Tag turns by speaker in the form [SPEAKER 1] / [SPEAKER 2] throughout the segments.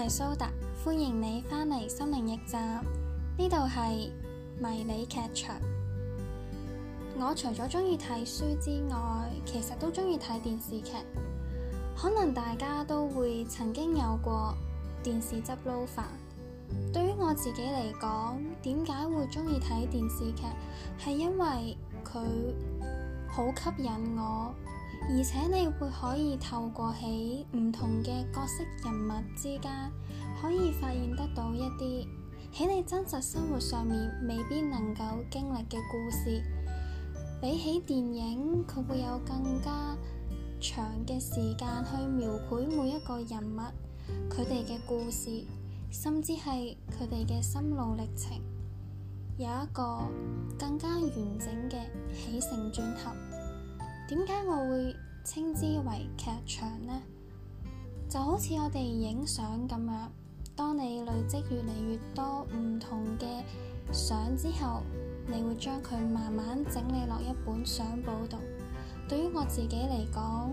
[SPEAKER 1] 係 Soda，歡迎你翻嚟心靈驛站，呢度係迷你劇場。我除咗中意睇書之外，其實都中意睇電視劇。可能大家都會曾經有過電視汁撈飯。對於我自己嚟講，點解會中意睇電視劇，係因為佢好吸引我。而且你會可以透過喺唔同嘅角色人物之間，可以發現得到一啲喺你真實生活上面未必能夠經歷嘅故事。比起電影，佢會有更加長嘅時間去描繪每一個人物，佢哋嘅故事，甚至係佢哋嘅心路歷程，有一個更加完整嘅起承轉合。點解我會稱之為劇場呢？就好似我哋影相咁樣，當你累積越嚟越多唔同嘅相之後，你會將佢慢慢整理落一本相簿度。對於我自己嚟講，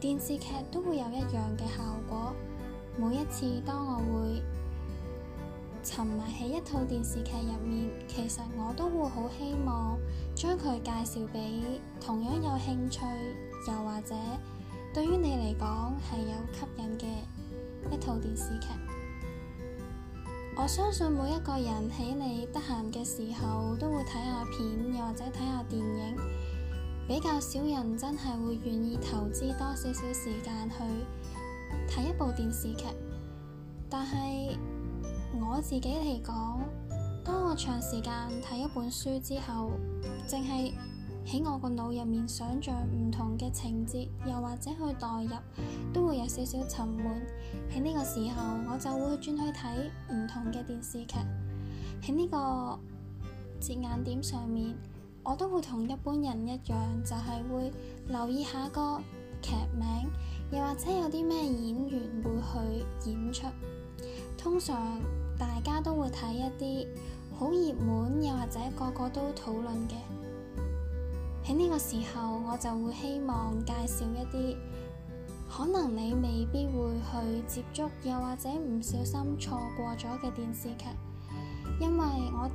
[SPEAKER 1] 電視劇都會有一樣嘅效果。每一次當我會沉迷喺一套電視劇入面，其實我都會好希望將佢介紹俾同樣有興趣，又或者對於你嚟講係有吸引嘅一套電視劇。我相信每一個人喺你得閒嘅時候都會睇下片，又或者睇下電影，比較少人真係會願意投資多少少時間去睇一部電視劇，但係。我自己嚟講，當我長時間睇一本書之後，淨係喺我個腦入面想象唔同嘅情節，又或者去代入，都會有少少沉悶。喺呢個時候，我就會轉去睇唔同嘅電視劇。喺呢個節眼點上面，我都會同一般人一樣，就係會留意下個劇名，又或者有啲咩演員會去演出。通常。大家都會睇一啲好熱門，又或者個個都討論嘅。喺呢個時候，我就會希望介紹一啲可能你未必會去接觸，又或者唔小心錯過咗嘅電視劇，因為我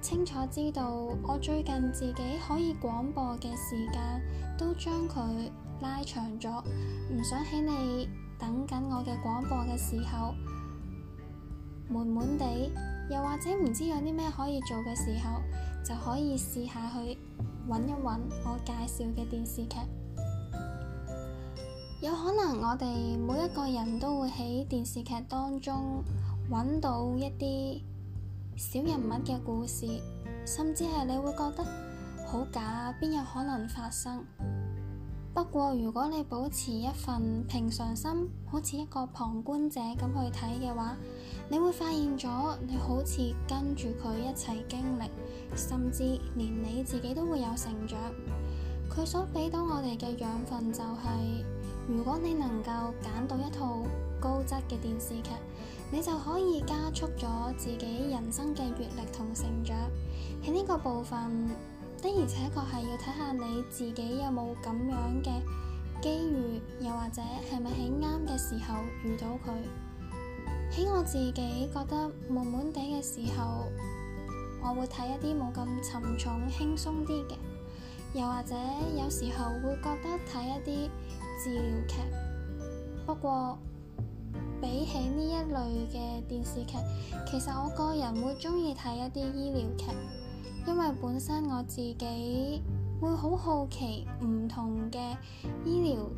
[SPEAKER 1] 清楚知道我最近自己可以廣播嘅時間都將佢拉長咗，唔想喺你等緊我嘅廣播嘅時候，悶悶地，又或者唔知有啲咩可以做嘅時候，就可以試下去揾一揾我介紹嘅電視劇。有可能我哋每一個人都會喺電視劇當中揾到一啲小人物嘅故事，甚至係你會覺得好假，邊有可能發生？不過，如果你保持一份平常心，好似一個旁觀者咁去睇嘅話，你會發現咗你好似跟住佢一齊經歷，甚至連你自己都會有成長。佢所俾到我哋嘅養分就係，如果你能夠揀到一套高質嘅電視劇，你就可以加速咗自己人生嘅閲歷同成長。喺呢個部分。的而且確係要睇下你自己有冇咁樣嘅機遇，又或者係咪喺啱嘅時候遇到佢。喺我自己覺得悶悶地嘅時候，我會睇一啲冇咁沉重、輕鬆啲嘅，又或者有時候會覺得睇一啲治療劇。不過比起呢一類嘅電視劇，其實我個人會鍾意睇一啲醫療劇。因為本身我自己會好好奇唔同嘅醫療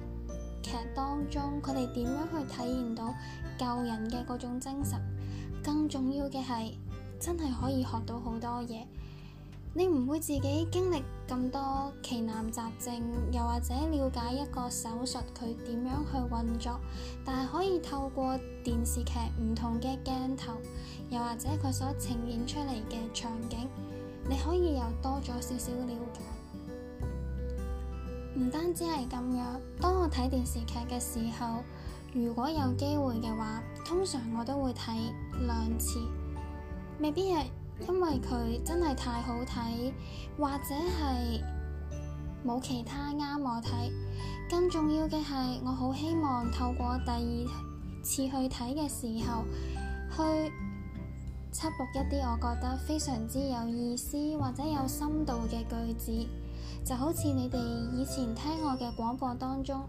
[SPEAKER 1] 劇當中，佢哋點樣去體驗到救人嘅嗰種精神。更重要嘅係，真係可以學到好多嘢。你唔會自己經歷咁多奇難雜症，又或者了解一個手術佢點樣去運作，但係可以透過電視劇唔同嘅鏡頭，又或者佢所呈現出嚟嘅場景。你可以又多咗少少了解，唔單止係咁樣。當我睇電視劇嘅時候，如果有機會嘅話，通常我都會睇兩次，未必係因為佢真係太好睇，或者係冇其他啱我睇。更重要嘅係，我好希望透過第二次去睇嘅時候去。輯錄一啲我覺得非常之有意思或者有深度嘅句子，就好似你哋以前聽我嘅廣播當中，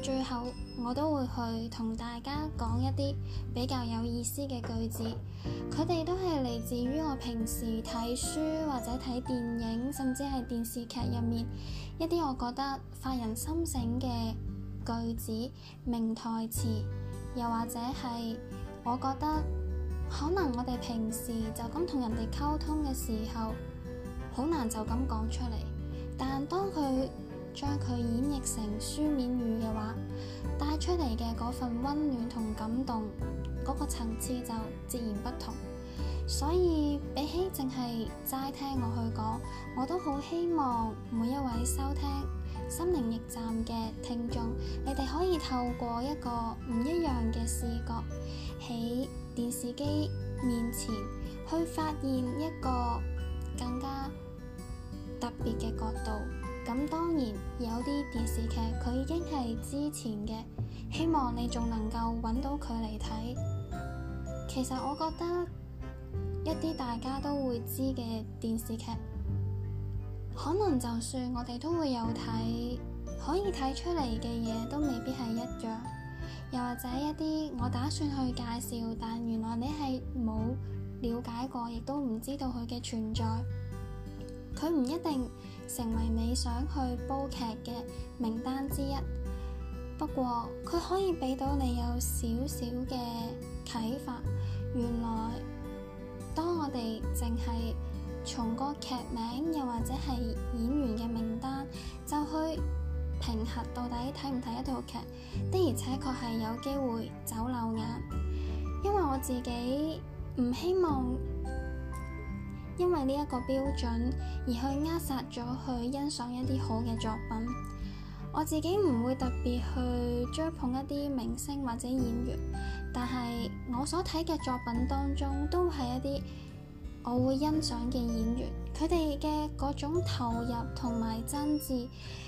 [SPEAKER 1] 最後我都會去同大家講一啲比較有意思嘅句子。佢哋都係嚟自於我平時睇書或者睇電影，甚至係電視劇入面一啲我覺得發人深省嘅句子、名台詞，又或者係我覺得。可能我哋平時就咁同人哋溝通嘅時候，好難就咁講出嚟。但當佢將佢演繹成書面語嘅話，帶出嚟嘅嗰份溫暖同感動，嗰個層次就截然不同。所以比起淨係齋聽我去講，我都好希望每一位收聽《心靈驛站》嘅聽眾，你哋可以透過一個唔一樣嘅視覺喺。電視機面前去發現一個更加特別嘅角度，咁當然有啲電視劇佢已經係之前嘅，希望你仲能夠揾到佢嚟睇。其實我覺得一啲大家都會知嘅電視劇，可能就算我哋都會有睇，可以睇出嚟嘅嘢，都未必係一樣。又或者一啲我打算去介紹，但原來你係冇了解過，亦都唔知道佢嘅存在。佢唔一定成為你想去煲劇嘅名單之一，不過佢可以俾到你有少少嘅啟發。原來當我哋淨係從個劇名，又或者係演員嘅名單就去平衡到底睇唔睇一套劇，的而且確係有機會走漏眼，因為我自己唔希望因為呢一個標準而去扼殺咗去欣賞一啲好嘅作品。我自己唔會特別去追捧一啲明星或者演員，但係我所睇嘅作品當中都係一啲我會欣賞嘅演員。佢哋嘅嗰種投入同埋真摯，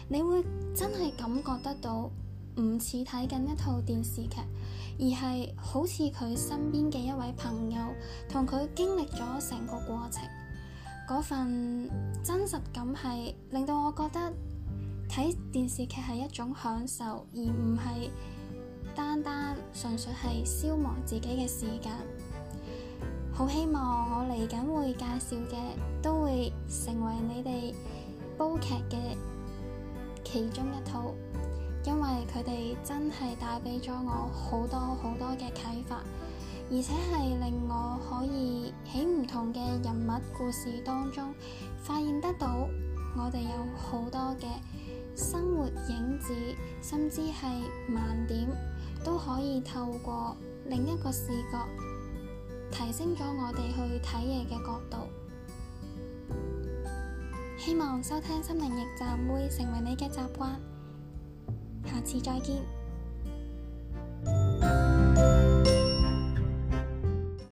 [SPEAKER 1] 你會真係感覺得到，唔似睇緊一套電視劇，而係好似佢身邊嘅一位朋友，同佢經歷咗成個過程。嗰份真實感係令到我覺得睇電視劇係一種享受，而唔係單單純粹係消磨自己嘅時間。好希望我嚟緊會介紹嘅都會成為你哋煲劇嘅其中一套，因為佢哋真係帶俾咗我好多好多嘅啟發，而且係令我可以喺唔同嘅人物故事當中發現得到我哋有好多嘅生活影子，甚至係盲點都可以透過另一個視角。提升咗我哋去睇嘢嘅角度，希望收聽心靈驛站會成為你嘅習慣，下次再見。